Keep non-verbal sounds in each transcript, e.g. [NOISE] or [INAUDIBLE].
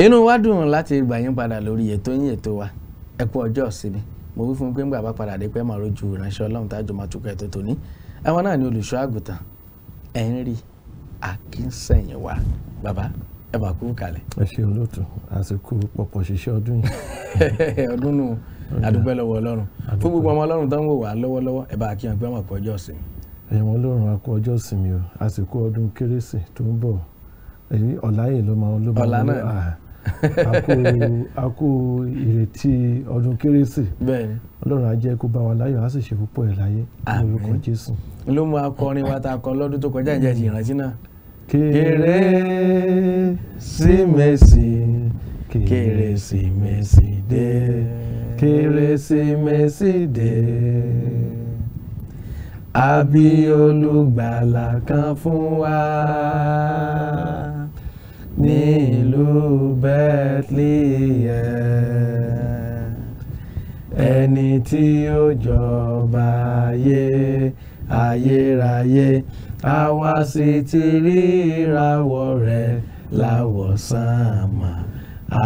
inú wa dùn láti gbà yín padà lórí ètò yín ètò wa ẹ kú ọjọ́ ìsinmi mo wí fún pé ńgbà bá padà dé pé màá rojú ìránṣẹ́ ọlọ́run tá máa tukọ̀ ètò tòní àwọn náà ni olùṣọ́ àgùntàn Henry Akínsẹ̀yìnwá bàbá ẹ bá kú kalẹ̀. ẹ ṣe olóòtú àsìkò pọ̀pọ̀ ṣiṣẹ́ ọdún yìí. [LAUGHS] ọdún nù adúpẹ́ lọ́wọ́ ọlọ́run fún gbogbo ọmọ ọlọ́run tó ń wò wá lọ́wọ́lọ́wọ́ ẹ bá kí wọn pé wọn kú ọjọ́ ìsinmi. ẹ̀yin ọlọ́run a kú ọjọ́ ìsinmi o àsìkò ọdún kérésì tó ń bọ̀ ọ̀la ló máa ń ló máa ń lò a kú ìrètí ọdún kérésì ọlọ́run á jẹ́ kó bá wa láyọ̀ á sì ṣe púpọ̀ ẹ̀ láyé lórúkọ jésù. ló mú akọrin wa ta kọ lọ́dún tó kọjá ìjà ìrántí náà. kérésìmesì kérésìmesì dé kérésìmesì dé àbí olùgbàlà kan fún wa ní ìlú Bethlehem ẹni tí ó jọba ayé ayérayé àwa sì ti rí ìràwọ̀ rẹ̀ láwọ̀sán àmà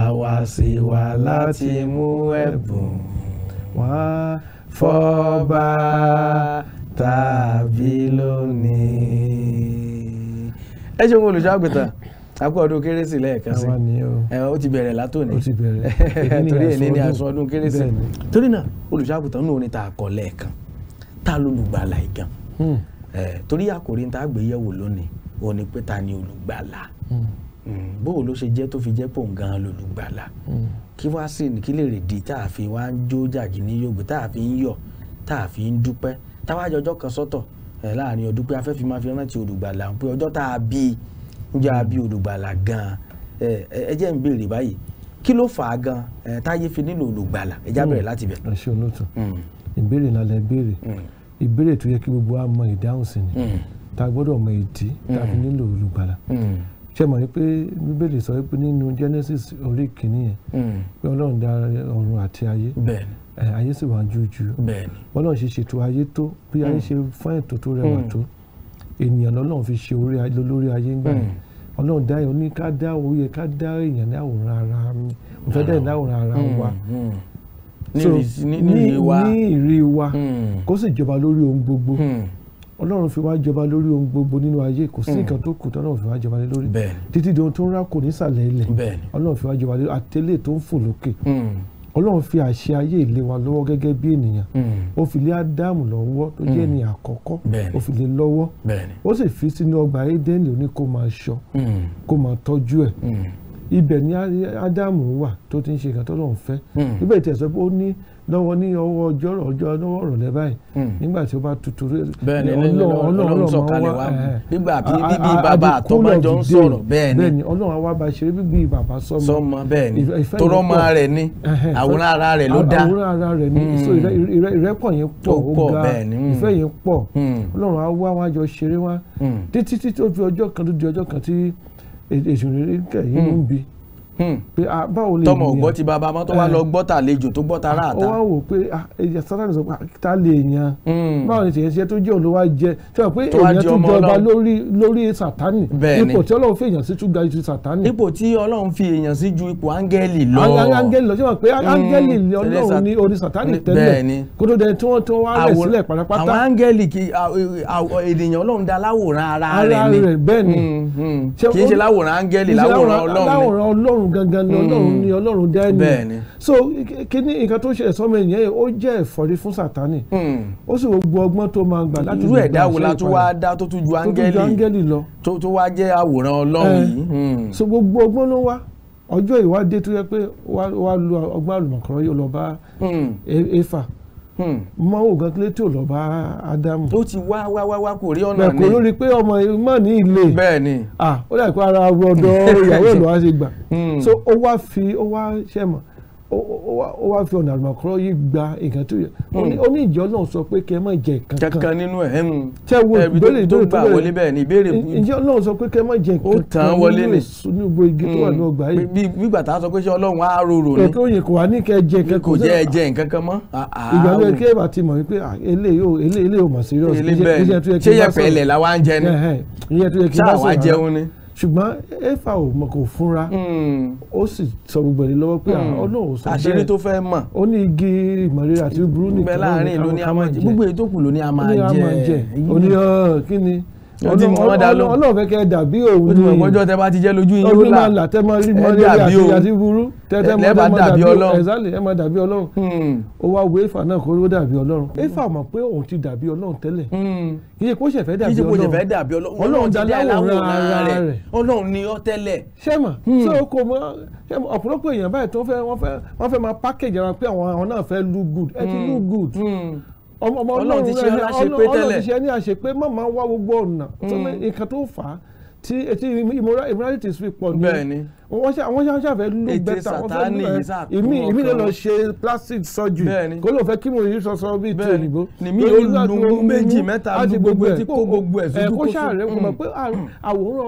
àwa sì wá láti mú ẹ̀bùn wá fọ́ba tàbí lónìí. ẹ ṣeun olùṣọ́ àgùntàn akú ọdún kérésì lẹ́ẹ̀kan sí ó ti bẹ̀rẹ̀ látòní [LAUGHS] torí èyí ni àsun ọdún kérésì torí náà olùṣàgùtàn ní orin tá a kọ lẹ́ẹ̀kan tá a lólùgbàlà ìgàn hmm. torí àkòrí tá a gbé yẹ̀wò lónìí òun ni pé ta ni olùgbàlà hmm. hmm. bóò ló ṣe jẹ́ tó fi jẹ́ pòun gan-an lolùgbàlà kí wá sí kí lè rè di tá a fi wá ń jó jàgì ní yògbé tá a fi ń yọ̀ tá a fi ń dúpẹ́ táwájú ọjọ́ kan sọ́tọ̀ láàrin ọdún pé afẹ́fí rántí olùgbàlà pé ọjọ́ tá a bíi níjọ́ àbí olùgbàlà gan-an ẹ jẹ́ ń béèrè báyìí kí ló fà á gan táyé fi nílò olùgbàlà ẹ já hmm. bẹ̀rẹ̀ láti bẹ̀. ẹ ṣe olóòtú hmm. ìbéèrè náà lẹ béèrè hmm. ìbéèrè tó yẹ kí gbogbo wa mọ ìdáhùn sí ni ta gbọ́dọ̀ mọ ìdí ta fi nílò olùgbàlà ṣe mọ̀ wípé bíbélì sọ wípé nínú Genesis orí kìíní yẹn pé ọlọ́run dá ọ̀run àti ayé ayé sì wà jújú ọlọ́run ṣe ṣètò ayé tó bí ayé ṣe fún ètò tó rẹwà tó ènìyàn lọ́lọ́run fi ṣe olórí ayé ńgbà yẹn ọlọ́run dá yẹn ní ká dá òye ká dá èèyàn ní àwòrán ara mi mo fẹ́ dá èèyàn ní àwòrán ara hmm, hmm. wa ní ìrí wa hmm. kó sì jọba lórí ohun gbogbo ọlọ́run fi wá jọba lórí ohun gbogbo nínú ayé kò sí nǹkan tó kù tó ọlọ́run fi wá jọba lé lórí títí di ohun tó ń rákò nísàlẹ̀ ilẹ̀ ọlọ́run fi wá jọba lórí àtẹlé tó ń fò lókè ọlọ́run fi àṣẹ ayé ilé wa lọ́wọ́ gẹ́gẹ́ bí ènìyàn hmm. ó fi lé ádámù lọ́wọ́ tó jẹ́ ènìyàn hmm. àkọ́kọ́ ó fi lé lọ́wọ́ ó sì fi sínú ọgbà édẹ́nì ó ní kó máa ṣọ́ hmm. kó máa tọ́jú ẹ̀ ibẹ̀ ni ádámù wà tó ti ń ṣe nǹkan tó fẹ́ ibẹ̀ tí pé ó ní lọ́wọ́ ní ọwọ́ ọjọ́rọ̀ ọjọ́ lọ́wọ́ ọ̀rọ̀lẹ́ báyìí hmm. nígbà tí ó bá tutù rẹ̀ bẹ́ẹ̀ni ọlọ́run sọ̀kalẹ̀ wa eh, eh, nígbà bí bíbí bàbá àtọ́bàjọ́ ń sọ̀rọ̀ bẹ́ẹ̀ni ọlọ́run àwa bá ṣeré bíbí bàbá sọmọ sọmọ bẹ́ẹ̀ni tọrọmọ rẹ̀ ni eh, àwòrán ara rẹ̀ ló dá àwòrán ara rẹ̀ ni hmm. ìrẹ́pọ̀ yẹn pọ̀ ó ga hmm. ìfẹ́ yẹn pọ̀ ọlọ́run àwa wá jọ ṣeré wa títí títí ó fi ọjọ́ kan tó di ọjọ́ kan tí èsì òrèrè kẹ̀yìn ń bi Hmm. tọmọ ògbọ́ ti bàbá mọ́ tó wá lọ gbọ́ tàlejò tó gbọ́ tara àta. ó wá wò pé ẹ̀jẹ̀ sátani sọ pé ta lè yan hmm. báwo ni tìyẹn ṣe tó jẹ́ olówó jẹ tí wọ́n pé èèyàn tún jọba lórí sátani ipò tí ọlọ́run fi èèyàn sí tún ga ju sátani. ipò tí ọlọ́run fi èèyàn sí ju ipò áńgẹ́lì lọ. áńgẹ́lì lọ sí wọn pé hmm. áńgẹ́lì ni ọlọ́run ní orí sátani tẹ́lẹ̀ kó tó dẹ tí wọ́n tó wá rẹ̀ sílẹ̀ pátápátá. àwọn áńgẹ́lì kì e, ènìyàn ọlọ́run dá láwòrán ara rẹ̀ ni kì í ṣe láwòrán áńgẹ́lì láwòrán ọlọ́run gangan ni ọlọ́run hmm. ni ọlọ́run dá so kini nǹkan tó ṣe ẹ̀sọ́ mẹ́rin yẹn ó jẹ́ ẹ̀fọ́rí fún sátánì hmm. ó sì gbogbo ọgbọ́n tó máa gbà láti irú ẹ̀dá wo la tó wá dá tó tún ju áńgẹ́lì lọ tó wá jẹ́ àwòrán ọlọ́run eh. yìí hmm. so gbogbo ọgbọ́n ló wá ọjọ́ ìwádìí tó yẹ pé wá lu ọgbọ́n àlùmọ̀kọ́rọ́ yóò lọ bá e-, éfà mọ hmm. ògán kílé tí ò lọ bá ádámù. ó ti wá wá wá wá kò rí ọ̀nà ni. kò lórí pé ọmọ mọ ní ilé. bẹ́ẹ̀ ni. ó dà ara ọ̀dọ̀ [LAUGHS] ìyàwó ìlú wa ṣe gbà. Hmm. so ó wá fi ó wá ṣẹ̀mọ̀ ó wá fi ọ̀nà àgbàkúrọ̀ yìí gba nǹkan tó yẹ ó ní hmm. ìjọ náà sọ pé kẹ́ ẹ má jẹ kankan kankan nínú ẹ̀ ń tẹ́ wo ìbéèrè tó gbà wọlé bẹ́ẹ̀ ni ìbéèrè bu ìjọ náà sọ pé kẹ́ ẹ má jẹ kankan nínú ìgbò igi tó wà ní hmm. ọgbà yìí bí gbígbà tá a sọ pé ṣé ọlọ́run á rorò ni kò yẹ kò wá ní kẹ́ ẹ jẹ kankan kò jẹ ẹ jẹ nǹkan kan mọ́. ìgbà wo kí ẹ bá ti mọ̀ wípé eléyìí ò mọ̀ sí ṣùgbọ́n efa ò mọ̀ kò fúnra hmm. ó sì sọ gbogbo ẹni lọ́wọ́ pé ọ̀nà hmm. ò sọ bẹ́ẹ̀ àṣírí tó fẹ́ mọ̀ ó ní igi ìmọ̀rírà tí burú nìkan ló ní a máa jẹ gbogbo èyí tó kù ló ní a máa jẹ ó ní kí ni ọlọ́run kẹ́kẹ́ dàbí òun ni ọjọ́ tẹ bá ti jẹ́ lójú yín ló là tẹ máa rí mọ́lẹ́ àti àti burú tẹ tẹ máa dàbí ọlọ́run ẹ̀sálẹ̀ ẹ máa dàbí ọlọ́run hmm. ó wá wo éfà náà kó ló dàbí ọlọ́run éfà hmm. mọ̀ pé òun ti dàbí ọlọ́run tẹ́lẹ̀ hmm. kì í ṣe kó ṣẹ̀fẹ́ dàbí ọlọ́run ọlọ́run ti dá láwòrán ara rẹ̀ ọlọ́run ni ó tẹ́lẹ̀. sẹ́mà ṣé o kò mọ ọ̀pọ̀lọpọ̀ èèyàn báyìí tó fẹ́ wọ́n fẹ́ máa package ara pé àwọn náà fẹ́ look good ẹ ti look good ọmọ ọlọ́run ti ṣe ní àṣepé tẹ́lẹ̀ ọlọ́run ti ṣe ní àṣepé má máa wá gbogbo ọ̀nà mm. nǹkan tó fà á tí etí immorality fi pọ̀ ní wọ́n ṣàfẹ́ lù bẹ́tà wọ́n fẹ́ lù ẹ́ ìmí ìmí lè lọ ṣe plastic surgery kó ló fẹ́ kí mo yí sọsọ bíi ti òyìnbó nìmí yóò lu mú méjì mẹ́ta lu gbogbo ẹ̀ tí kò gbogbo ẹ̀ sójú kó ṣàrẹ̀ kò mọ̀ mm. pé àwòrán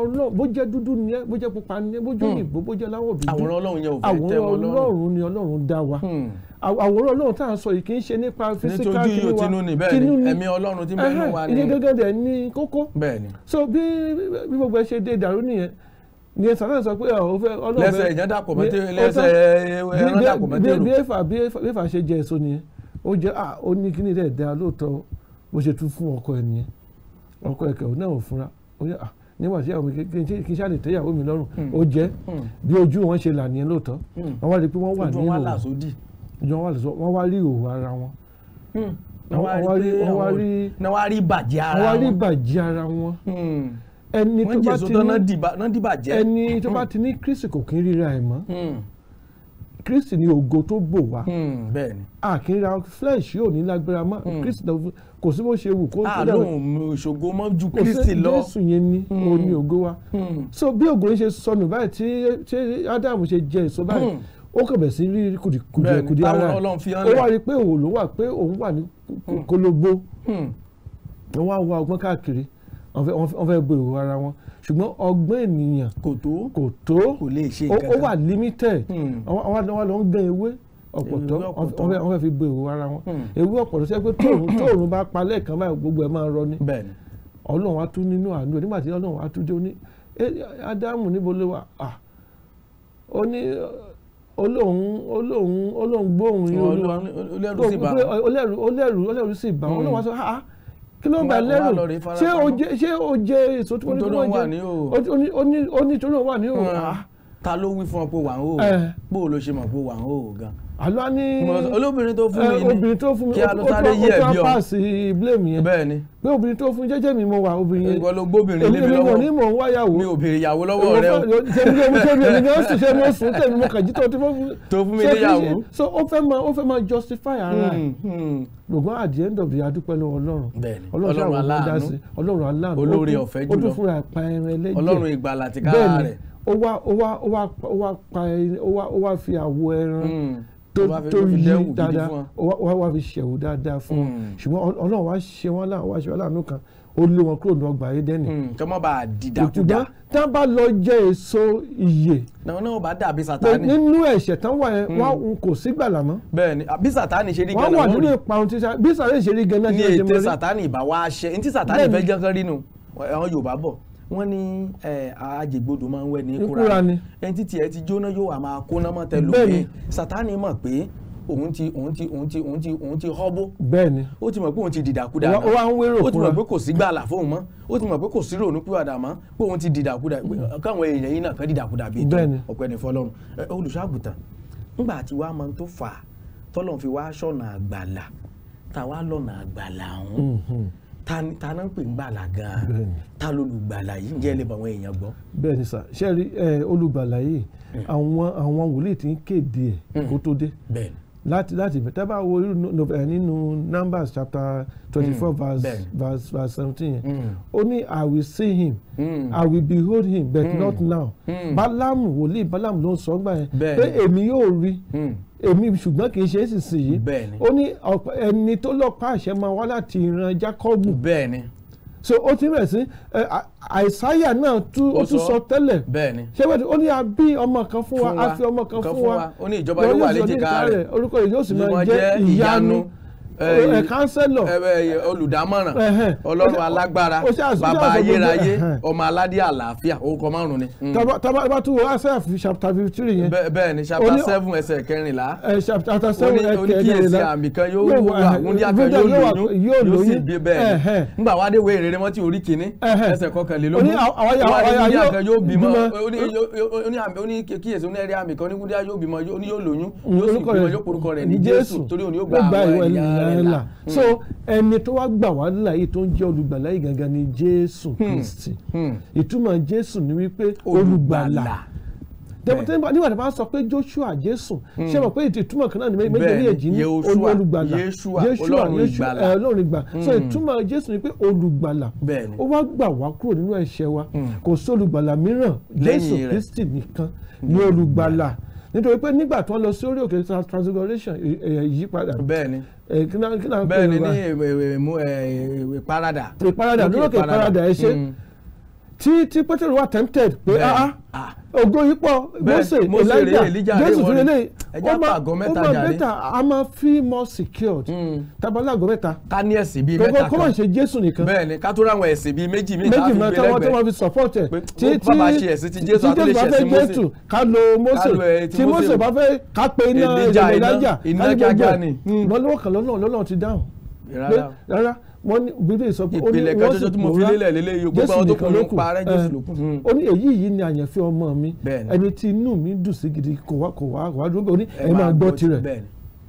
ọlọ́run bó jẹ́ dúdú ni ẹ́ bó jẹ́ pupa ni ẹ́ bó jẹ́ mm. òyìnbó bó jẹ́ láwọ̀ dúdú àwòrán ọlọ́run yẹn ò fẹ́ tẹ́ wọn lọ́rùn àwòrán ọlọ́run ni ọlọ́run àwòrán ọlọ́run tá à ń sọ yìí kì í ṣe nípa physical kí ni wa kí ni bẹ́ẹ̀ ni ẹ̀mí ọlọ́run tí bẹ́ẹ̀ ni wa ni ìyẹn gẹ́gẹ́ dẹ̀ ní kókó so bí bí gbogbo ẹ ṣe dé dàrú nìyẹn ni sànà sọ pé ọ̀hún fẹ́ ọlọ́run lẹ́sẹ̀ ìyẹn dàpọ̀ mọ́tẹ́ lẹ́sẹ̀ ẹran dàpọ̀ mọ́tẹ́ lò. bí efa bí efa ṣe jẹ èso nìyẹn ó jẹ à ó ni dẹ̀ da lóòótọ́ bó ṣe tún fún ọkọ ẹ nìyẹn ọkọ ẹ kẹ̀ náà ò fúnra ó àwọn kí n ṣáà tẹ́yàwó mi lọ́rùn hmm. ó jẹ́ hmm. bí ojú wọn ṣe là nìyẹn lóòótọ́ àwọn hmm. àti pé wọ́n wà nínú ìjọ wọn wá rí òwò ara wọn wọ́n wá rí wọ́n wá rí bàjẹ́ ara wọn hmm. wọ́n wá rí bàjẹ́ ara wọn ẹni tó bá ti ní ẹni tó bá ti ní Kristi kò kí ń ríra ẹ̀ mọ́ hmm. Kristi ni ògo tó bò wá àkínra hmm. flesh yóò ní lágbára mọ́ Kristi kò sí bó ṣe wù kó. Ah, àlóhùn ìṣògo mọ́ ju Kristi lọ kò sí Jésù yẹn ni òun ni ògo wa so bí ògo yẹn ṣe sọnù báyìí tí Ádámù ṣe jẹ èso báyìí ó kàn bẹ̀ sí rí kùdìkùdìẹ ara ó wá rí pé òun ló wà pé òun wà ní hmm. kólógbó wọ́n hmm. wá wá ọgbọ́n káàkiri wọ́n fẹ́ gbèrò ara wọn ṣùgbọ́n ọgbọ́n ènìyàn kò tó kò tó kò lè ṣe nǹkan ó wà limited hmm. wọ́n lọ ń gbẹ́ ewé ọ̀pọ̀tọ́ wọ́n fẹ́ fi gbèrò ara wọn ewé ọ̀pọ̀tọ́ sẹ́pẹ́ tóòrùn bá pa lẹ́ẹ̀kan báyìí gbogbo ẹ̀ máa rọ ni ọlọ́run á tún nínú àánú ẹ̀ nígbà tí ọlọ́run á tún jẹ́ ó ní ádámù níbo ló wà ó ní olóhùn olóhùn olóhùn gbóhùn yín olúwa olẹ́rù sì bá olẹ́rù olẹ́rù olẹ́rù sì bá wọn olóhùn hmm. sọ ah kí ló ń bá lẹ́rù ṣé o jẹ ṣé o jẹ èso tí wọ́n ní kí wọ́n jẹ onítorí wà ní òun hmm. ah ta ló wí fún ọ pé wà ń hò eh. bó o ló ṣe mọ̀ pé wà ń hò gan. àlọ́ ní olóbìnrin tó fún mi eh, ni obìnrin tó fún mi kí a ló sáré yí ẹ̀ bí ọ ó pàṣẹ blame yẹn bẹ́ẹ̀ ni pé obìnrin tó fún jẹ́jẹ́ mi mo wà obìnrin yẹn ìwọ ló gbóbìnrin lébi lọ́wọ́ èmi mò ń wá yàwó mi ò béèrè yàwó lọ́wọ́ rẹ o ṣèmi ṣèmi ṣèmi èmi ni ó sì ṣe mo sùn tèmi mo kàn jí tó tí mo fún tó fún mi ní yàwó so ó fẹ́ máa ó fẹ́ máa justify ara ẹ̀ lògbọ́n hmm, hmm. at the end of the day adúpẹ́ lọ́wọ́ ọlọ́run ọlọ́run aláàánú olóore ọ̀fẹ́ jùlọ ọlọ́run ìgbàlà tìkára rẹ̀ ó wá ó wá ó wá ó wá pa ó wá ó wá fi àwọ̀ ẹran hmm. tó tó yí dáadáa ó wá wá fi ṣẹ̀wò dáadáa fún wọn hmm. ṣùgbọ́n ọlọ́run wá ṣe wọ́n láàánú wá ṣe wọ́n láàánú kan ó lé wọn kúrò ní ọgbà Édẹ́nì. Hmm. kọ́ mọ́ bá a dìdà kúdà. tá a bá lọ jẹ èso iye. náà náà bá dàbí sátánì. nínú ẹ̀ṣẹ̀ tán wà yẹn wá n kò sí gbàlà mọ́. bẹ́ẹ̀ni bí sátánì ṣe rí gan náà wọ́n rí. wọ́n wà nínú ìparun tí bí sátánì ṣe rí gan náà. ní ètè sátánì ìbá wa ṣe ní tí sátánì fẹ́ jẹ́ kán rí nu àwọn Yorùbá bọ̀ wọ́n ní àjẹgbodò máa ń wẹ̀ ní kúra ni ẹni títí ẹ ti jóná yóò wà máa kóná mọ́ tẹ lómi sátánì mọ pé òun ti òun ti òun ti òun ti òun ti họ́bó ti mọ pé òun ti dìdàkudà ó wá ń wérò kúra ti mọ pé kò sí gbàlà fóun ó ti pé kò sí mọ pé òun ti dìdàkudà káwọn èèyàn yìí náà kàn dìdàkudà bíi tó ní ńgbà tí mọ tó fà fi wá ṣọ̀nà àgbàlà lọ́nà àgbàlà ta ni ta náà ń pè ń gbàlà gan-an ta lolùgbàlà yìí ń jẹ́ ilé bàwọn èèyàn gbọ́. bẹ́ẹ̀ ni sà ṣe rí olùgbàlà yìí hmm. àwọn àwọn wòlíì ti ń kéde ẹ̀ hmm. kó tó dé láti láti bẹ̀ tábà wo nínú numbers chapter twenty four hmm. verse verse seventeen yẹn ó ní i will see him i will behold him but not now mm. balaam wòlíì balaam ló ń sọ gbà yẹn pé èmi yóò rí èmi ṣùgbọ́n kì í ṣe é sì sì yìí ó ní ẹni tó lọ́pàá àṣẹ máa wá láti ìran Jákọ́bù bẹ́ẹ̀ni so ó ti bẹ̀rẹ̀ sí àìsáyà náà ó tún sọ tẹ́lẹ̀ ṣé wẹ́n ó ní a bí ọmọ kan fún wa a fi ọmọ kan fún wa ó ní ìjọba yóò wà léjìká rẹ̀ orúkọ yìí yóò sì máa jẹ́ ìyanu kánsẹ́lọ̀ olùdámọ̀ràn ọlọ́run alágbára bàbá ayérayé ọmọ aládé àlàáfíà orúkọ márùn ni. Hmm. tábà tún wo asaf chapter fifty three yẹn. bẹ́ẹ̀ ni chapter seven ẹsẹ̀ kẹrìnlá chapter seven ẹsẹ̀ kẹrìnlá oníkíyèsí àmì kan yóò wù wá wúndíá kan yóò lóyún yóò sì bí bẹ́ẹ̀ ni ngbà wá dé wo èrè mọ́tì orí kìíní ẹsẹ̀ kọkànlélógún wúndíá kan yóò bímọ oníkíyèsí oní ẹ̀rí àmì kan oníkúndíá yóò bímọ yóò lóyún yóò sì bímọ yóò porúkọ rẹ̀ ní Jésù torí òní yóò gbà àwọn ènìyàn là hmm. so ẹni tó wá gbà wá là yìí tó ń jẹ́ olùgbàlà yìí gangan ni jésù hmm. kristi hmm. ìtumọ̀ jésù ni wípé olùgbàlà nígbà tí wọ́n sọ pé joshua jésù ṣé mọ̀ pé ìtumọ̀ kan náà ni méjèèjì èjì ní olùgbàlà Joshua, ọlọ́run ìgbà eh, so ìtumọ̀ jésù ni pé olùgbàlà ó wá gbà wá kúrò nínú ẹ̀ṣẹ̀ wa kò sí olùgbàlà mìíràn jésù kristi nìkan ni olùgbàlà nítorí pé nígbà tó ń lọ sórí òkè transfiguration ìyípadà bẹ́ẹ̀ni bẹ́ẹ̀ni ní ìparadà ìparadà lórí òkè ìparadà ẹ ṣe tí tí pétérù wà tempted pé ah ah ògo yìí pọ̀ mose elijah jésù fún eléyìí ó máa ó máa bẹ́tà a máa feel more secured tabalẹ̀ àgọ́ mẹ́ta ká ní ẹ̀sìn bíi mẹ́ta kan kó máa ṣe jésù nìkan bẹ́ẹ̀ ni ká tó ráwọn ẹ̀sìn bíi méjì méjì méjì máa táwọn tó máa fi support ẹ̀ tí tí bàbá ṣe ẹ̀sìn ti jésù àti lè ṣe ẹ̀sìn mose ká lo mose tí mose bá fẹ́ ká pe iná elijah ká ní gbogbo ẹ̀ lọ́lọ́kàn lọ́lọ́ wọ́n ní gbígbé sọ pé ó ní wọ́n sì pòórá jésù nìkan ló kù ó ní èyí yìí ni àyànfẹ́ ọmọ mi ẹni tí inú mi dùn sí gidi kò wá kò wá kò wá dúró bẹ́ẹ̀ ó ní ẹ máa gbọ́ tirẹ̀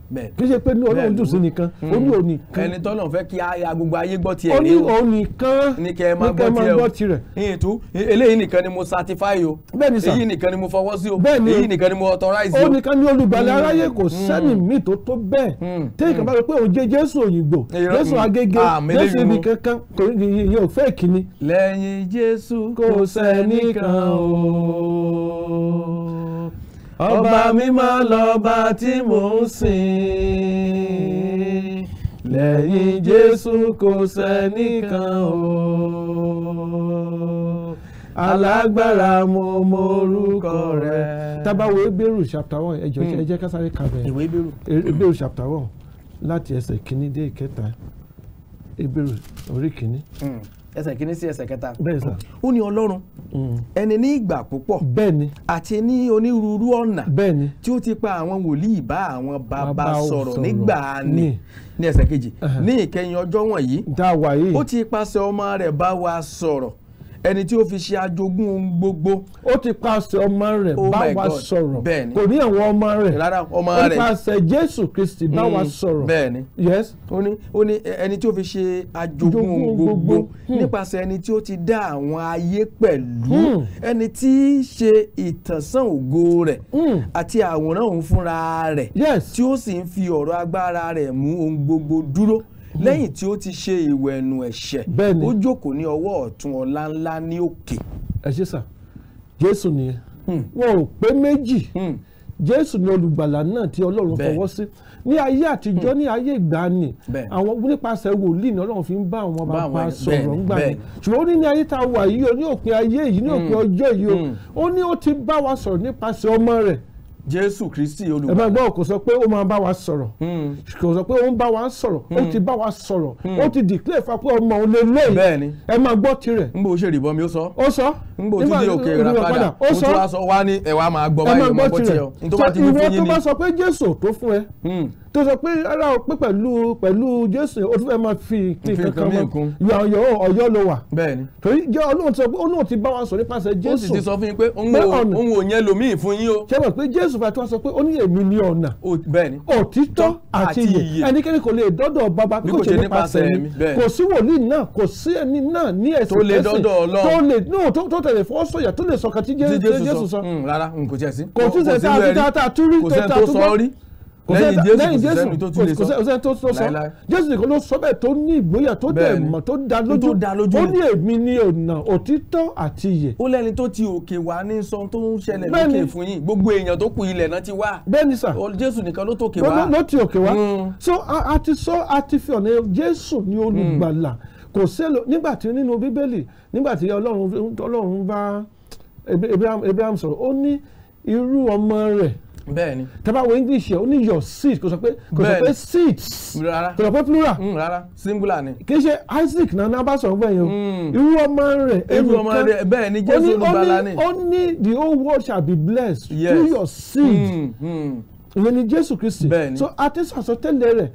kì í ṣe pé ọlọ́run dùn sí nìkan ó ní òun nìkan. ẹni tọ́lọ̀ fẹ́ kí aya gbogbo ayé gbọ́ tiẹ̀ ní o. ó ní òun nìkan ní kẹ́ ẹ máa gbọ́ tirẹ̀. ìyìn tú eléyìí nìkan ni mo certify o. bẹ́ẹ̀ni sà èyí nìkan ni mo fọwọ́ sí o. bẹ́ẹ̀ni nìkan ni mo authorize o. ó nìkan ni olùgbàlà mm. aráyé kò mm. sẹ́ni mi tó tó bẹ́ẹ̀. Mm. téyì kan bá rẹ pé òun jẹ jésù òyìnbó jésù agége ah, jésù ibi kankan kò yẹ ò fẹ́ kíni. lẹ́yìn jésù kò sẹ́nìkan o ọba mímọ́ lọ́ba tí mò ń sìn lẹ́yìn jésù kò sẹ́nìkan o alágbára mo morúkọ rẹ. tábàwọ̀ ebéèrú chapter one ẹ jẹ́ ẹ jẹ́ ebéèrú chapter one láti ẹsẹ̀ kínní dé ìkẹta ebéèrú orí kínní. Hmm ẹsẹ̀ kìíní sí ẹsẹ̀ kẹta ó ní ọlọ́run mm. ẹni ní ìgbà púpọ̀ àti ní onírúurú ọ̀nà tí ó ti pa àwọn wòlíì bá àwọn bàbá sọ̀rọ̀ nígbà ni ní ẹsẹ̀ kejì ní ìkẹyìn ọjọ́ wọ̀nyí ó ti pasẹ̀ ọmọ rẹ̀ bá wa sọ̀rọ̀ ẹni tí ó fi ṣe ajogún ohun gbogbo. ó ti pàṣẹ ọmọ rẹ̀ oh bá wa sọ̀rọ̀ kò ní àwọn ọmọ rẹ̀ ó ti pàṣẹ jésù kristi bá wa hmm. sọ̀rọ̀. yes. ó ní ó ní ẹni tí ó fi ṣe ajogún ohun gbogbo hmm. nípasẹ̀ ẹni tí ó ti dá àwọn ayé pẹ̀lú hmm. ẹni tí í ṣe ìtànsán ògo rẹ̀ àti àwòrán òun fúnra rẹ̀ tí ó sì ń fi ọ̀rọ̀ agbára rẹ̀ mú ohun gbogbo dúró. Hmm. lẹ́yìn tí ó ti ṣe ìwẹ̀ ẹ̀nù ẹ̀ṣẹ̀ ó jókòó ní ọwọ́ ọ̀tún ọlá ńlá ní òkè. ẹ ṣe sà jésù nìyẹn hmm. wọn ò pé méjì hmm. jésù ni olùgbàlà náà tí ọlọ́run fọwọ́ sí ní ayé àtijọ́ ní ayé ìgbàanì àwọn nípasẹ̀ wòlíì ni ọlọ́run fi ń bá àwọn bàbá sọ̀rọ̀ ń gbàanì ṣùgbọ́n ó ní ní ayé tá a wà yìí o ní òpin ayé yìí ní òpin ọjọ́ yìí o ó ní ó ti bá wa sọ̀rọ̀ nípasẹ̀ ọmọ rẹ̀ jésù kristi olùwà. ẹ̀fẹ̀ gbọ́ kò sọ pé ó máa bá wa sọ̀rọ̀ hmm. kò sọ pé ó ń bá wa sọ̀rọ̀ ó hmm. ti bá wa sọ̀rọ̀ hmm. ó ti declare fa pé ọmọ òun lè lóye bẹ́ẹ̀ni ẹ máa gbọ́ tirẹ̀. n bò ṣe ìbọn mi ó sọ. ó sọ nígbà tó dé òkè rà padà ó sọ wá ní ẹ̀wà máa gbọ́ báyìí ọmọ bó tiẹ̀ o. ìwọ tó bá sọ pé jésù tó fún ẹ tó sọ pé ara o pé pẹ̀lú pẹ̀lú jésù o tún fẹ́ máa fi nǹkan kan mọ́ ìyá ọ̀yọ́ ọ̀yọ́ ló wà. bẹ́ẹ̀ni. torí jẹ́ ọlọ́run ti sọ pé olóhùn ti bá wa sọ nípasẹ̀ jésù. ó sì ti sọ fún yín pé òun ò yẹn lomi fún yín o. ṣé mo pé jésù bá tí wọ́n sọ pé ó ní èmi ní ọ̀nà. bẹ́ẹ̀ni. òtítọ́ àti ìyè ẹnikẹ́ni kò lè dọ́dọ̀ bàbá bí ṣe nípasẹ̀ mi. kò sí wòlíì náà kò sí ẹni náà ní ẹ̀sìn ẹ̀sìn tó lè sọ kàtí hmm, tó tà túbọ̀ lẹ́yìn jésù kò sẹ́ni tó sọ jésù nìkan ló sọ bẹ́ẹ̀ tó ní ìgboyà tó dẹ̀ mọ̀ tó dá lójú ó ní èmi ni ọ̀nà òtítọ́ àti ìyè. ó lẹ́ni tó ti òkè wá ní sọ tó ń ṣẹlẹ̀ lókè fún yín gbogbo èèyàn tó kù ilẹ̀ náà ti wá. bẹ́ẹ̀ni sà jésù nìkan ló tòkè wá. ló ti òkè wá hmm. so a ti sọ a ti fi ọ̀nà jésù ní olùgbàlà hmm. kò sẹ́lò nígbàtí nínú bíbélì nígbàtí ọlọ́run bá abraham bẹ́ẹ̀ni tẹ́bá wo english yẹ ó ní your seat kò sọ pé kò sọ pé seats rárá kò sọ pé plural hmm, rárá singular ni. kì í ṣe isaac náà náà bá sọ fún ẹ̀yìn o hmm. irú ọmọ rẹ̀ irú ọmọ rẹ̀ bẹ́ẹ̀ ni jésù olùgbàlà ni. ó ní the whole world shall be blessed yes. through your seed hmm, ìyẹn ni jésù kristi so àti sàsọtẹ́lẹ̀ rẹ̀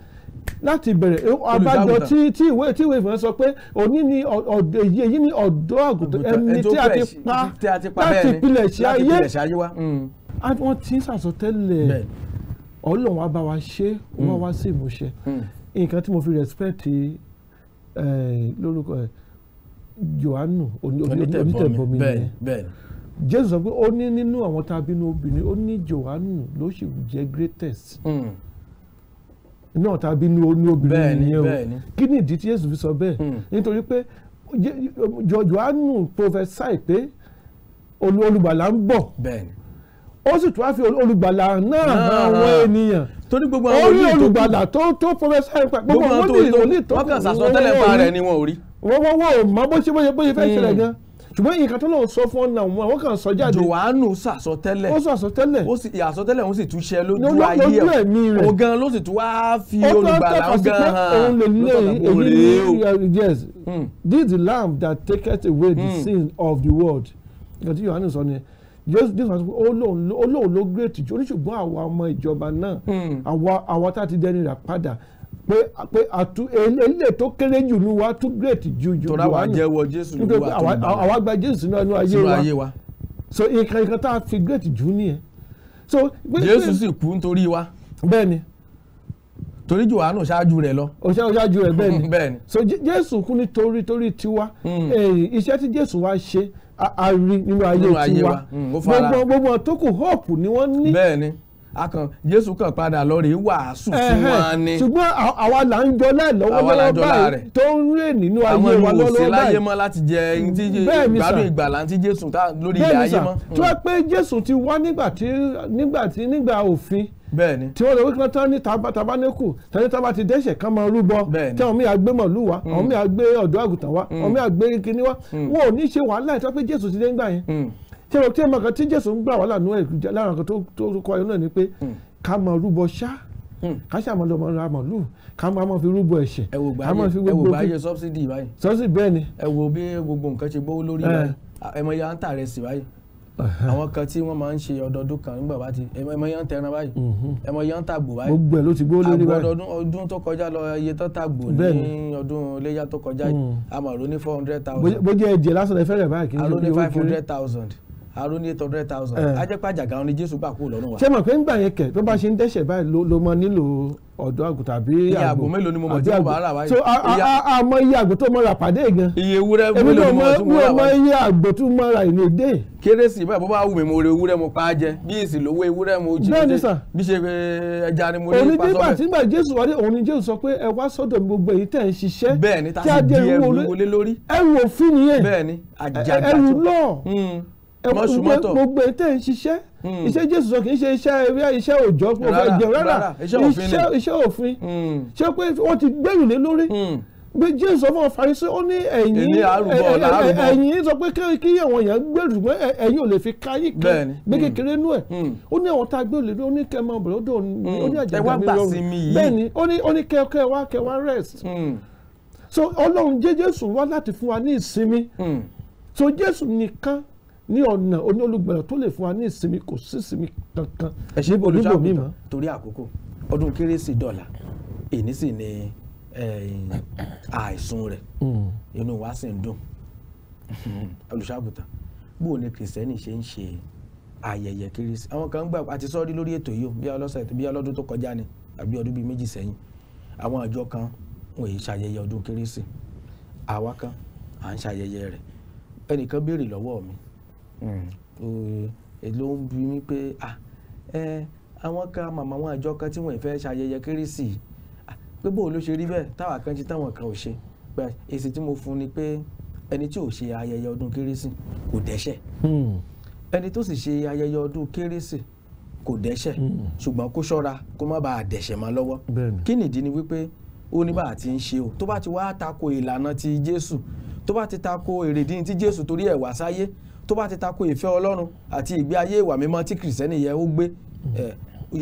láti bẹ̀rẹ̀ abájọ tí tí ìwé tí ìwé ìfọ̀n sọ pé òní ni èyí ni ọ̀dọ́ àgùntàn ẹni tí a ti pa láti pilẹ̀ ṣe ayé wọ́n ti ń sàsọtẹ́lẹ̀ ọlọ́run wa bá wa ṣe ó wá hmm. wá sí ìmúṣẹ hmm. nǹkan tí mo fi respect lórúkọ Jòhánù onítẹ̀bọmi nìyẹn Jésù sọ pé ó ní nínú àwọn tá a bínú obìnrin ó ní Jòhánù ló sì jẹ́ greatest hmm. inú ọ̀tá bínú ó ní obìnrin nìyẹn o kí ni ìdí tí Jésù fi sọ bẹ́ẹ̀ nítorí pé Jòhánù prophesy pé olùgbàlà ń bọ̀ ó sì tún á fi olùgbàlà náà hàn àwọn ènìyàn torí gbogbo àwọn olùdó orí olùgbàlà tó tó professor ipa gbogbo àwọn tó tó wọn kàn sàsọ tẹ́lẹ̀ pa rẹ̀ ni wọn ò rí. wọ́n wọ́n wọ́n ò mọ bó ṣe bóyá bóyá fẹ́ ṣẹlẹ̀ hmm. gan ṣùgbọ́n nǹkan tó lọ́wọ́ sọ fún ọ̀nà wọn kàn sọ jáde. Jòhánù sàsọ tẹ́lẹ̀ ó sàsọ tẹ́lẹ̀ ó sì àsọ tẹ́lẹ̀ òun sì tún ṣe lójú ayé ẹ̀ òun gan ló sì tún wá fi olùgbàlà gan hàn lọ́sọ̀tàn òun rèé o. Uh, hmm. this is the lamb that taketh away the hmm. sin of the world. nǹkan tí Jòhánù sọ nìyẹn Jésù sọ pé olóòó ló great jù oníṣùgbọ́n àwa ọmọ ìjọba náà hmm. àwa tá a ti dẹni rà padà pé pé àtú eléyìí tó kéré jù ní wa tún great jù jù wa nù. tọ́lá wa jẹ́wọ́ Jésù ní wa tó bá àwa gba Jésù sínú ayé wa so nǹkan nǹkan tá a fi great jù nìyẹn. so Jésù sì kú nítorí wa. bẹ́ẹ̀ni torí johannu ṣáájú rẹ̀ lọ. o ṣáájú rẹ̀ bẹ́ẹ̀ni [LAUGHS] bẹ́ẹ̀ni so Jésù kú nítorí torí tiwa hmm. iṣẹ́ tí Jésù wá ṣe a rí nínú ayé tiwa mm, gbogbo gbogbo tó kù hope ni wọ́n ní. bẹ́ẹ̀ni akàn jésù kan padà lọ rèé wàásù tí wọn ní. ṣùgbọ́n àwa là ń jọlá lọ́wọ́lọ́wọ́ báyìí tó ń rè nínú ayé wa lọ́wọ́lọ́wọ́ báyìí. àwọn ìwòsàn láyé mọ́ láti jẹ ìgbádùn ìgbàlà tí jésù lórí ilẹ̀ ayé mọ́. bẹ́ẹ̀ni sà tí wọ́n pé jésù ti wá nígbà tí nígbà òfin bẹ́ẹ̀ni tí wọ́n lọ wípé tán ní tabaníkù tán ní tábà ti dẹ́ṣẹ̀ kan máa rúbọ tí àwọn míì àgbé mọ̀lú wa àwọn hmm. ya àgbé ọ̀dọ́ àgùntàn wa àwọn hmm. míì àgbé kíní wa hmm. wọn ò ní ṣe wàhálà ìtọ́ pé Jésù ti dé yẹn tí tí Jésù ń gbà wàhálà nù lára kan tó kọ náà ni pé ká máa rúbọ ṣá ká ṣe àmọ́ àwọn kan tí wọ́n máa ń ṣe ọdọọdún kan nígbà bá ti ẹmọ yẹn ń tẹran báyìí ẹmọ yẹn ń tàgbò báyìí gbogbo ẹ ló ti gbó lé ní báyìí àgbò ọdún tó kọjá lọ iye tó tàgbò ní ọdún iléyà tó kọjá yìí hmm. a máa ló ní four hundred thousand. bó jẹ́ ẹ̀jẹ̀ lásán ẹ fẹ́rẹ̀ báyìí kì í ṣe bí owó kiri a ló ní five hundred thousand aró ní eight hundred thousand eh. ajẹ́pẹ́ àjàgà wọn ni jésù gbà kú lọ́rùn wa. ṣé mọ̀ pé ńgbà yẹn kẹ̀ tó bá hmm. ṣe ń dẹ́ṣẹ̀ báyìí ló mọ nílò ọ̀dọ́ àgùntàn àbí àgbò. iye àgbò mélòó ni mo mọ̀ tí mo bá rà wáyé. so àmọ́ iye àgbò tó mọ ra pàdé gan. iye ewúrẹ́ mélòó ni mo mọ̀ tí mo rà wáyé. èmi náà mọ iye àgbò tó mọ ra ìní dé. kérésì bẹ́ẹ̀ bó bá wù mí mo rẹ ewúrẹ́ mo pa á jẹ bí èsì lówó ewúrẹ́ mo jí mi dé bí ṣe eh, ẹja ni mo rí ipa sọ́fẹ̀. onídìbà tí gbà jésù wọlé òun ni jésù sọ pé ẹ wá sọ́dọ̀ gbogbo èyí tẹ̀ ń ṣiṣẹ́. bẹ́ẹ̀ni tá a ti di ẹrù wọlé lórí. ẹrù òfin nìyẹn. bẹ́ẹ̀ni àjàgà tó mo gbé tẹ̀ ń ṣiṣẹ́ hmm. iṣẹ́ jésù sọ kì ṣe iṣẹ́ ewé iṣẹ́ òòjọ́ mo fẹ́ jẹun rárá iṣẹ́ òfin hmm. ṣé pé wọ́n ti gbẹ́rù lé lórí bí hmm. jésù ọmọ farisí ó ní ẹ̀yin ẹ̀yin sọ pé kí àwọn èèyàn gbèrú pé ẹ̀yin ò lè fi káyì kan bí kékeré nú ẹ̀ ó ní àwọn tá a gbèrú lé ó ní kẹ́ẹ̀ máa ó ní àjàgbá ní kẹ́ẹ̀ wá kẹ́ẹ̀ wá so jésù nìkan ní ọ̀nà oníolùgbọ̀nà tó lè fún wa ní ìsinmi kò sí ìsinmi kankan níbo níbo mi mọ́. torí àkókò ọdún kérésì dọ̀là èyí sì ni àìsùn rẹ̀ hmm. inú wa sì ń dùn olùṣàgùtàn bó o ní kìrìsìtẹ́nì ṣe ń ṣe ayẹyẹ kérésì àwọn kan gbà àti sọ́ọ́rí lórí ètò yìí bí ọlọ́sẹ̀ bí ọlọ́dún tó kọjá ni àbí ọdún bíi méjì sẹ́yìn àwọn àjọ kan wọn èyí ṣayẹyẹ ọdún kérésì àwa kan à ń ṣayẹyẹ rẹ̀ ẹnìkan béèrè lọ́wọ́ mi ló ń bi mí pé àwọn kan màmá àwọn àjọ kan tí wọ́n fẹ́ ṣayẹyẹ kérésì pé bó ló ṣe rí bẹ́ẹ̀ táwa kan ṣe táwọn kan ò ṣe èsì tí mo fún ni pé ẹni tí ò ṣe ayẹyẹ ọdún kérésì kò dẹ́ṣẹ̀ ẹni tó sì ṣe ayẹyẹ ọdún kérésì kò dẹ́ṣẹ̀ ṣùgbọ́n kó ṣọ́ra kó má bàa dẹ́ṣẹ̀ mọ́ lọ́wọ́ kí nìdí ni wípé ó ní bá a ti ń ṣe o tó bá ti wá tako ìlànà ti Jésù tó bá ti tako èrèdí ti Jésù torí ẹ̀ sáyé tó bá ti tako ìfẹ́ ọlọ́run àti ìgbé ayé ìwà mímọ́ tí kìrìsẹ́nì yẹn ó gbé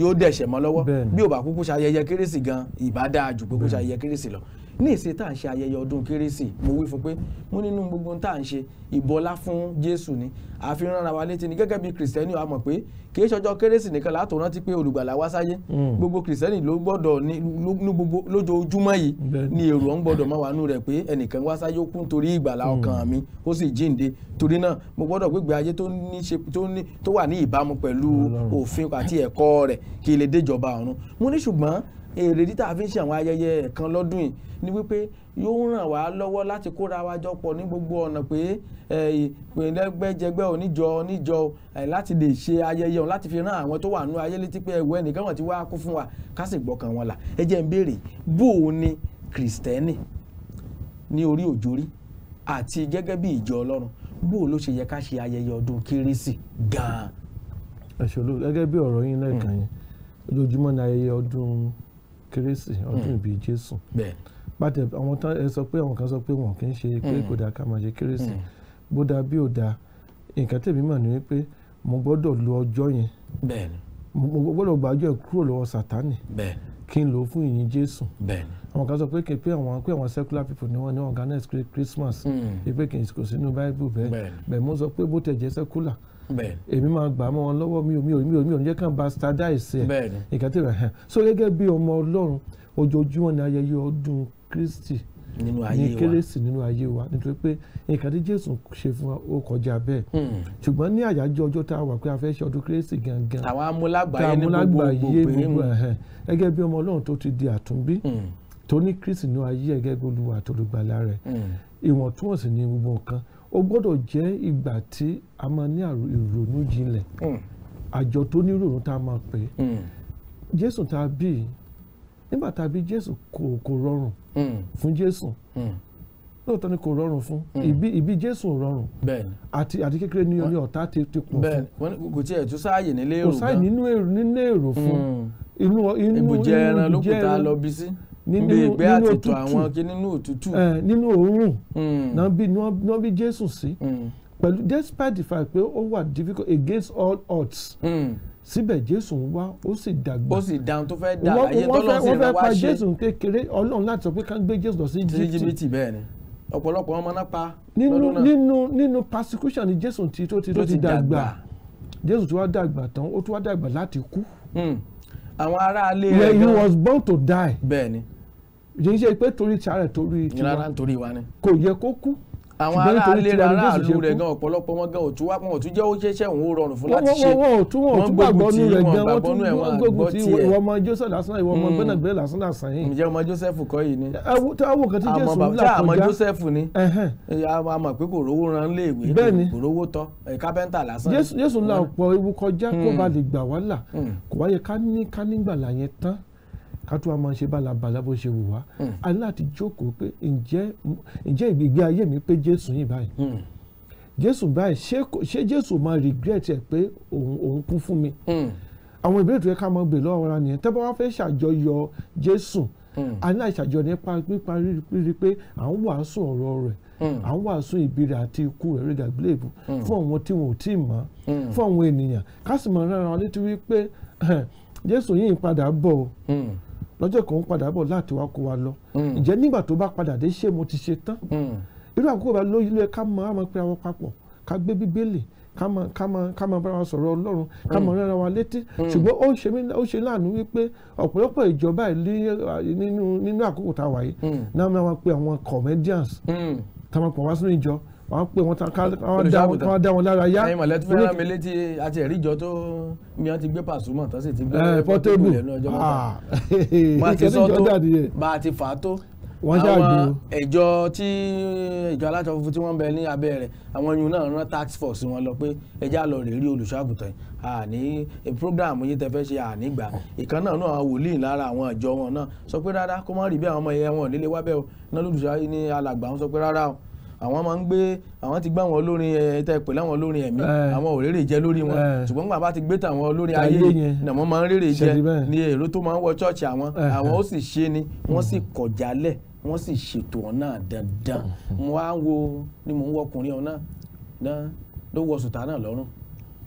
yóò dẹ̀ṣẹ̀ mọ́ lọ́wọ́ bí ò bá kúkú ṣayẹyẹ kérésì gan ìbá dáa jù pé ṣayẹyẹ kérésì lọ ní ìsìn tá à ń ṣe ayẹyẹ ọdún kérésì mo wí fún pé mo nínú gbogbo tá à ń ṣe ìbọlá fún jésù ni àfi ránra wa létí ni gẹ́gẹ́ bí kìrìsìtẹ́nì a mọ̀ pé kì í ṣọjọ́ kérésì nìkan látò rántí pé olùgbàlà wá sáyé hmm. gbogbo kìrìsìtẹ́nì ló gbọ́dọ̀ ní gbogbo lójoojúmọ́ yìí ni èrò ọ̀hún gbọ́dọ̀ máa wà nù rẹ̀ pé ẹnìkan wá sáyé ó kú nítorí ìgbàlà hmm. ọkàn mi ó sì jíǹde torí náà mo gbọ́dọ̀ gbégbé ayé tó wà ní ìbámu pẹ̀lú òfin àti ẹ̀kọ́ rẹ̀ kí ilé déjọba ọ̀run mo ní ṣùgbọ́n èrèdí tá a fi ń ṣe àwọn ayẹyẹ ẹ̀kan lọ́dún yìí ni wípé yóò ràn wá lọ́wọ́ láti kóra wa jọ pọ̀ ní gbogbo ọ̀nà pé eh, ìpínlẹ̀gbẹ́jẹgbẹ́ oníjọ oníjọ eh, láti lè ṣe ayẹyẹ ọ̀hún láti fi rán àwọn tó wà nú ayé létí pé ẹ̀wọ́ ẹnìkan wọ̀n ti wá kú fún wa ká sì gbọ́kàn wọn là ẹ jẹ́ ń béèrè bó o ni kìrìsìtẹ́nì ní orí òjòrí àti gẹ́gẹ́ bí ìjọ ọlọ́run bó o ló ṣe yẹ ká ṣe ayẹyẹ ọdún kérésì gan-an. ẹ ṣòro gẹ́gẹ́ bí ọ̀rọ̀ yín lẹ́ẹ̀kan yẹn ojoojúmọ́ ni ayẹyẹ ọdún kérésì ọdún hmm. ìbí jésù bàtẹ àwọn tán ẹ sọ pé àwọn kan sọ pé wọn kì í ṣe pé hmm. kò dáa ká máa ṣe kérésì hmm. bó dáa bí ò dáa nǹkan tèmi mọ̀ ni wípé mo gbọ́dọ̀ lo ọjọ́ yẹn mo gbọ́dọ̀ gbàjọ́ ẹ̀ kúrò lọ́wọ́ sátánì kí n lò ó fún ìyìn jésù àwọn kan sọ pé kì í pé àwọn pé àwọn secular people ni wọ́n ní organize christmas pé kì í kò sínú bible bẹ́ẹ̀ bẹ́ẹ̀ mo sọ pé bó tẹ̀ jẹ́ secular èmi máa gbà mọ́ wọn lọ́wọ́ mi ò mi ò mi ò mi ò ní jẹ́ kàn bastardize ẹ̀ nǹkan tẹ̀lé hàn so gẹ́gẹ́ bí ọmọ ọlọ́run ojoojúmọ́ ni ayẹyẹ ọdún kristi nínú ayé wa ní kérésì nínú ayé wa nítorí pé nǹkan tí jésù ṣe fún wa ó kọjá bẹ́ẹ̀ hmm. ṣùgbọ́n ní àyájọ́ ọjọ́ tá a wà pé a fẹ́ ṣe ọdún kérésì gangan àwọn amúlágbàáyé ní gbogbo pé gẹ́gẹ́ bí ọmọ ọlọ́run tó ti di àtúnbí hmm. tó ní kristi nínú ayé gẹ́gẹ́ olúwa àtolùgbàlà rẹ̀ hmm. ìwọ̀ntúnwọ̀nsì ni gbogbo nǹkan ó gbọ́dọ̀ jẹ́ ìgbà tí a máa ní ìrònú jinlẹ̀ hmm. àjọ tó ní ìrònú tá a máa pè é hmm. Jésù tá a bí nígbà tá a bí Jésù kò kò rọrùn hmm. fún Jésù lóòótọ́ ni kò rọrùn fún ìbí ìbí jésù ò rọrùn àti àti kékeré ni orí ọ̀tá ti pọ̀ fún. kò tiẹ̀ tún sáàyè nílé èrò gan. kò sáàyè nínú èrò fún. inú inú ibùjẹ ẹran ló kù lọ bí sí nínú ìgbẹ́ àtìtọ̀ àwọn kí nínú òtútù. nínú òórùn hmm. náà bí Jésù sí hmm. pẹ̀lú despite the fact pé ó wà difficult against all odds. Mm síbẹ̀ jésù ń wá ó sì dàgbà. ó sì dáhùn tó fẹ́ dà ayé tọ́lọ́ sí rẹ wá ṣe. wọ́n fẹ́ pa jésù kékeré ọlọ́run láti sọ pé ká gbé jésù lọ sí jìbìtì. bẹ́ẹ̀ ni ọ̀pọ̀lọpọ̀ wọn máa ná pa lọ́dún náà. nínú nínú persecution ni jésù ti tó ti tó ti dàgbà jésù ti wá dàgbà tán ó tún wá dàgbà láti kú. Hmm àwọn aráalé rẹ̀ gan. where he was born to die. bẹ́ẹ̀ni. kì í ṣe pé torí tiara torí tiwa. ìrara nítorí wa ni. kò yẹ kó kú àwọn aráalé aráàlú rẹ̀ gan ọ̀pọ̀lọpọ̀ wọn gan òtún wá pọn òtún jẹ́ ó ṣeéṣẹ́ òun ó rọrùn fún láti ṣe wọ́n tún wọ́n gbàgbọ́ nù rẹ̀ gan wọ́n tún wọ́n gbógun ti ìwọ ọmọ Joseph lásán ìwọ ọmọ hmm. gbẹ́nàgbẹ́ lásán lásán yìí. ǹjẹ́ ọmọ Joseph kọ́ yìí ni. àwọn kan tí Jésù ń là kọjá àmọ́ Joseph ni a mọ̀ pé kò rówó ran léèwé kò rówó tán ká tó a máa ṣe bálabàla bó ṣe wù wá hmm. a ní láti jókòó pé ǹjẹ́ ǹjẹ́ ìgbégbé ayé mi pé Jésù yìí báyìí hmm. Jésù báyìí ṣé Jésù máa regret ẹ̀ pé òun kú fún mi hmm. àwọn ìbéèrè tó yẹ ká máa gbè lọ́wọ́ ara nìyẹn tẹ́ bá wá fẹ́ ṣàjọyọ̀ Jésù a ní àṣàjọ nípa pípa rírí pé à ń wàásù ọ̀rọ̀ rẹ̀ à ń wàásù ìbí àti ikú rẹ̀ rẹ̀ gàgbélébù fún àwọn tí wọn ò tí ì mọ̀ fún àwọn ènìyàn ká rárá wọn létí wípé Jésù yìí ń padà bọ̀ o lọ́jọ́ kan ó padà bọ̀ láti wá kó wa lọ hmm. ǹjẹ́ nígbà tó bá padà dé ṣé mo ti ṣe tán hmm. irú àkókò bá lóyún lóyún ká máa máa pe àwọn papọ̀ ká gbé bíbélì ká máa ká máa ká máa bára wa sọ̀rọ̀ ọlọ́run ká máa hmm. rẹ́ra wa létí ṣùgbọ́n ó ṣe mí ó ṣe láàánú wípé ọ̀pọ̀lọpọ̀ ìjọba nínú nínú àkókò tá a wà yìí náà máa pe àwọn comedians tá a máa pọ̀ wá sínú ìjọ wọ́n pè wọ́n tán ká dá wọn lára yá. ẹyin mọ̀lẹ́tí fún ẹran mi létí àti ẹ̀rí ìjọ tó mi ti gbé Pasuma tán sì ti gbé Portable lẹ́nu ọjọ́ mẹ́ta. Ah. bá a ti sọ tó bá a ti fà á tó àwọn ẹ̀jọ tí ìjọ aláṣọ funfun tí wọ́n ń bẹ ní abẹ́ rẹ̀ àwọn yun náà rán tax force wọn lọ pé ẹja lọ rè rí olùṣọ́àgùtàn àní program yìí tẹ́fẹ́ ṣe àní gbà ìkan náà náà wòlíì lára àwọn ìjọ wọn náà sọ pé rárá kó má rí bí àwọn ọmọ ẹ̀yẹ wọn nílé wábẹ́ o náà lólùṣọ́ ní alàgbà wọn sọ pé rárá o àwọn máa ń gbé àwọn ti gbá àwọn olórin ẹ eh, tẹ pè láwọn olórin ẹ̀mí eh. àwọn ò rérè jẹ lórí wọn eh. ṣùgbọ́n gbà bá ti gbé tàwọn olórin ayé ni wọ́n máa ń rérè jẹ ni èrò tó máa ń wọ ṣọ́ọ̀ṣì àwọn àwọn ó sì ṣe ni wọ́n sì kọ̀jálẹ̀ wọ́n sì ṣètò ọ̀nà dandan mo wá wo ni mo ń wọkùnrin ọ̀nà náà ló wọ sùtánà lọ́rùn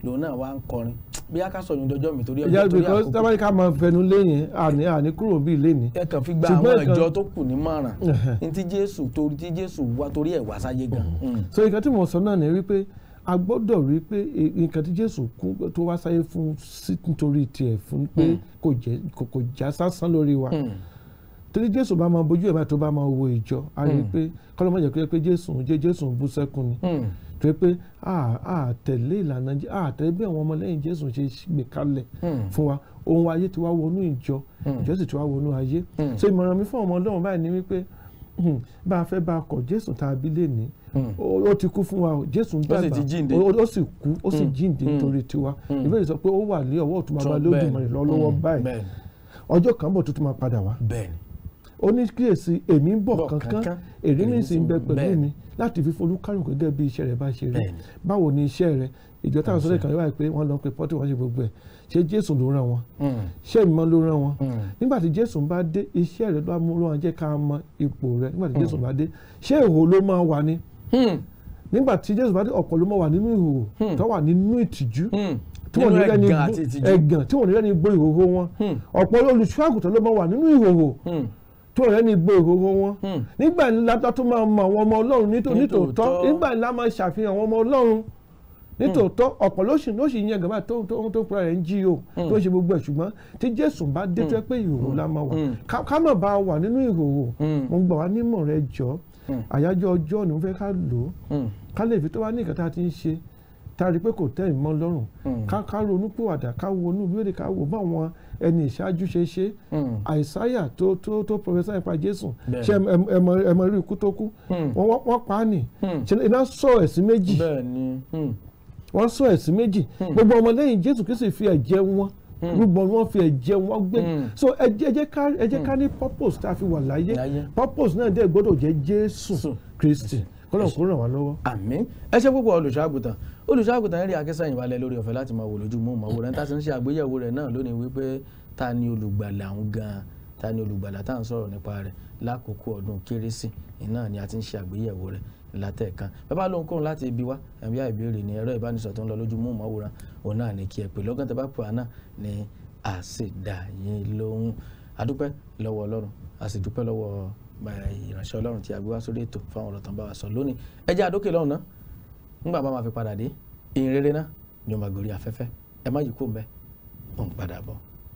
lòun náà wá ń kọrin bí a ká sọ yun dọjọ́ mi torí àkókò. ìyá because tábàlì ká máa fẹnu léyìn àní àní kúrò bíi léni. ẹ kàn fi gba àwọn ìjọ tó kù ní márùn ní ti jésù torí ti jésù wá torí ẹ wá sáyé gan. Hmm. so nǹkan tí mo sọ náà ni wípé a gbọ́dọ̀ rí pé e, nǹkan tí jésù kú tó wá sáyé fún nítorí tiẹ̀ fún pé hmm. kò já lórí wa. Mm torí jésù bá máa bójú ẹ̀ bá tó bá máa wo ìjọ a rí i hmm. pé kọ́lọ́mọ̀ jẹ́ pé jésù jẹ́ jésù bú sẹ́kùn ni hmm. tó yẹ pé a tẹ̀lé ìlànà a tẹ̀lé bí àwọn ọmọlẹ́yìn jésù ṣe gbé kalẹ̀ hmm. fún wa ohun ayé ti wá wọnú ìjọ ìjọ sì ti wá wọnú ayé so ìmọ̀ràn mi fún ọmọ ọlọ́run báyìí ni wípé bá a fẹ́ bá a kọ̀ jésù tá a bí lè ní ó ti kú fún wa jésù ń dàgbà ó sì kú ó sì jíǹde torí tiwa ìbéèrè sọ pé ó wà lé ọwọ́ ọ̀tún bàbá lódùmarè lọ́wọ́ báyìí ọjọ́ kan bọ̀ tó tún máa padà wá. bẹ́ẹ̀ni ó ní kíyèsí èmi ń bọ̀ kankan èrè mi sì ń bẹ pẹ̀lú mi láti fi Fọlúkárùn gẹ́gẹ́ bí iṣẹ́ rẹ̀ bá ṣe rí báwo ni iṣẹ́ rẹ̀ ìjọ táwọn sọ́dọ̀ kan wáyé pé wọ́n lọ pé pọ́tì wọ́n ṣe gbogbo ẹ̀ ṣé Jésù ló rán wọn hmm. ṣé ìmọ̀ ló rán wọn hmm. nígbà tí Jésù bá dé iṣẹ́ rẹ̀ ló mú wọn jẹ́ ká mọ ipò rẹ̀ nígbà tí hmm. Jésù bá dé ṣé ìhò ló máa wà ni nígbà tí Jésù bá dé ọ̀pọ̀ ló máa wà nínú ìhò tó wà nínú ìtìjú tí wọ́n ní ẹ̀gàn ní tó rẹ ní gbé òróró wọn hmm. nígbà ńlá tó tún máa mọ àwọn ọmọ ọlọ́run nítòótọ́ nígbà ńlá máa ṣàfihàn àwọn ọmọ ọlọ́run nítòótọ́ hmm. ọ̀pọ̀ lóṣù lóṣù yẹn gàmà tó ń tó pẹ́ rẹ̀ ń jí o hmm. tó ṣe gbogbo ẹ̀ ṣùgbọ́n tí Jésù bá dé tó yẹ pé ìhòòhò la máa wà ká má bá wà nínú ìhòòhò mo gbà wá nímọ̀ rẹ jọ àyájọ́ ọjọ́ ọ̀nà fẹ́ ká lò ó ká lè fi tó wá ní ìkàtà tí ń ṣe tá pé kò tẹ́ ìmọ̀ lọ́rùn ká ronú pòwàdà ká wo inú ìwé ẹni ìṣáájú ṣe ṣe hmm. àìsáyà tó tó tó professor nípa jésù ṣe ẹmọ rí ikú tó kú hmm. wọ́n pa á nì hmm. iná sọ ẹ̀sìn méjì wọ́n sọ ẹ̀sìn méjì gbogbo ọmọlẹ́yìn jésù Kristi fi ẹ̀jẹ̀ wọn rúbọn wọn fi ẹ̀jẹ̀ wọn gbé so ẹ jẹ́ ká ẹ jẹ́ ká ní purpose tá a fi wà láyé purpose náà dẹ̀ gbọ́dọ̀ jẹ́ jésù Kristi kọ́lọ̀ kó ràn wá lọ́wọ́. àmín ẹ ṣe púpọ̀ olùṣọ́ àgùntàn olùṣọ́àgùtàn Henry Akínsàyìn wà lẹ lórí ọ̀fẹ́ láti máa wò lójúmọ́ máa wò rẹ̀ ń tà sí ń ṣe àgbéyẹ̀wò rẹ̀ náà lónìí wípé ta ni olùgbàlà ń gan ta ni olùgbàlà tá à ń sọ̀rọ̀ nípa rẹ̀ lákòókò ọdún kérésì náà ni a ti ń ṣe àgbéyẹ̀wò rẹ̀ látẹ̀kan bàbá lóhun kóhun láti ibi wá àbí àìbéèrè ní ẹ̀rọ ìbánisọ̀rọ̀ tó ń lọ lójúmọ́ máwòrán òun náà ní kí ẹ nígbà bá máa fi padà dé ìrere náà ni ó máa gorí afẹ́fẹ́ ẹ má yí kó mbẹ́ òun padà bọ̀.